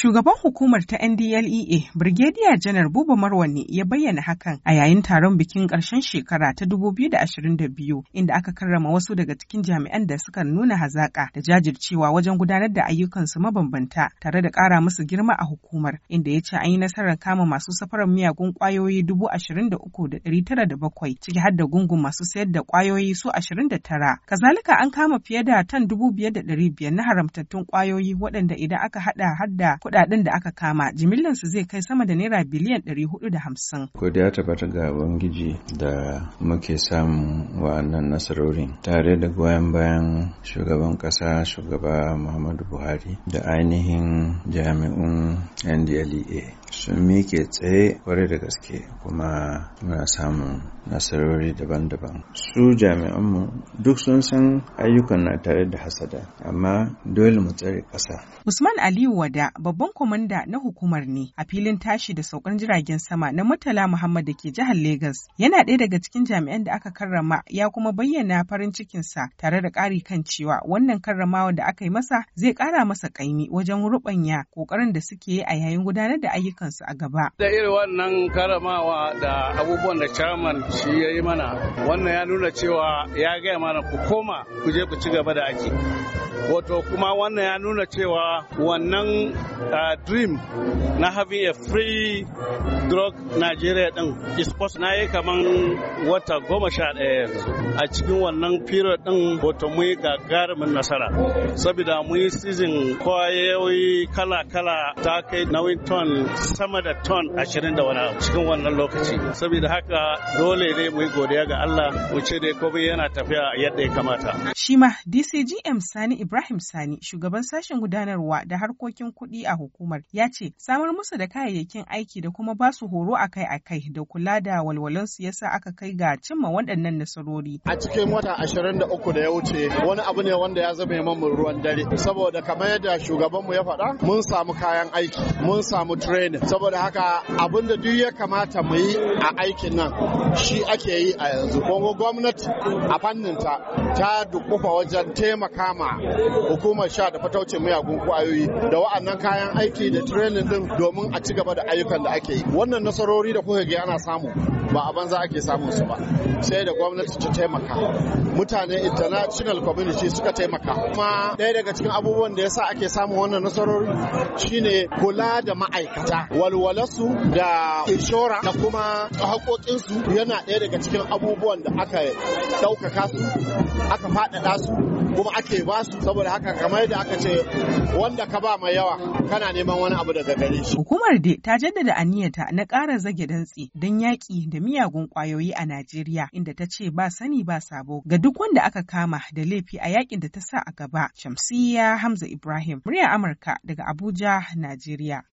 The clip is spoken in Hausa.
Shugaban hukumar ta NDLEA, Brigadier Janar Buba Marwani ya bayyana hakan a yayin taron bikin ƙarshen shekara ta 2022 inda aka karrama wasu daga cikin jami'an da suka nuna hazaƙa da jajircewa wajen gudanar da ayyukansu mabambanta tare da ƙara musu girma a hukumar inda ya ce an yi nasarar kama masu safarar miyagun ƙwayoyi 23,907 ciki har da gungun masu sayar da ƙwayoyi su 29. Kazalika an kama fiye da tan 5,500 na haramtattun ƙwayoyi waɗanda idan aka haɗa hadda kuɗaɗen da aka kama jimillinsu zai kai sama da naira biliyan 450. Ko da ya tabbata ga Ubangiji da muke samun wa'annan nasarorin tare da goyon bayan shugaban ƙasa shugaba Muhammadu Buhari da ainihin jami'un NDLEA sun mike tsaye kwarai da gaske kuma muna samun nasarori daban-daban su jami'anmu duk sun san ayyukan na tare da hasada amma dole mu tsare ƙasa. Usman Aliyu Wada babban kwamanda na hukumar ne a filin tashi da saukan jiragen sama na Murtala Muhammad da ke jihar Legas. Yana ɗaya daga cikin jami'an da aka karrama ya kuma bayyana farin cikinsa tare da ƙari kan cewa wannan karramawa da aka yi masa zai ƙara masa ƙaimi wajen rubanya ƙoƙarin da suke yi a yayin gudanar da ayyukansu a gaba. Da irin wannan karramawa da abubuwan da chairman shi ya yi mana wannan ya nuna cewa ya gaya mana ku koma ku je ku ci gaba da aiki. Wato kuma wannan ya nuna cewa wannan A dream na having a free drug Nigeria din is sports na yi kaman wata goma sha ɗaya a cikin wannan period din wato mu yi gagarumin nasara saboda mu yi season kwayoyi kala-kala ta kai nauyin ton sama da ton ashirin da wani cikin wannan lokaci saboda haka dole ne mu yi godiya ga Allah mu ce dai komai yana tafiya yadda ya kamata. Shi ma DCGM Sani Ibrahim Sani shugaban sashen gudanarwa da harkokin kuɗi a hukumar ya ce samar musu da kayayyakin aiki da kuma ba su horo akai-akai da kula da walwalansu yasa aka kai ga cimma waɗannan nasarori. A cikin wata ashirin da uku da ya wuce wani abu ne wanda ya zama mamu ruwan dare saboda kamar yadda shugabanmu ya faɗa mun samu kayan aiki mun samu training saboda haka abin da duk ya kamata mu yi a aikin nan shi ake yi a yanzu. Kongo gwamnati a fannin ta ta dukufa wajen taimaka ma hukumar sha da fataucin miyagun kwayoyi da wa'annan kayan kayan aiki da training din domin a ci gaba da ayyukan da ake yi wannan nasarori da kuka ga ana samu ba a banza ake samun su ba sai da gwamnati ta taimaka mutane international community suka taimaka kuma ɗaya daga cikin abubuwan da yasa ake samun wannan nasarori shine kula da ma'aikata walwalarsu da inshora da kuma haƙoƙinsu yana ɗaya daga cikin abubuwan da aka ɗaukaka su aka faɗaɗa su kuma ake ba su saboda haka kamar da aka ce wanda ka ba mai yawa kana neman wani abu daga gare shi. Hukumar de ta jaddada aniyata na ƙara zage dantsi don yaƙi da miyagun ƙwayoyi a Najeriya inda ta ce ba sani ba sabo ga duk wanda aka kama da laifi a yaƙin da ta sa a gaba. Shamsiyya Hamza Ibrahim, murya Amurka daga Abuja, Najeriya.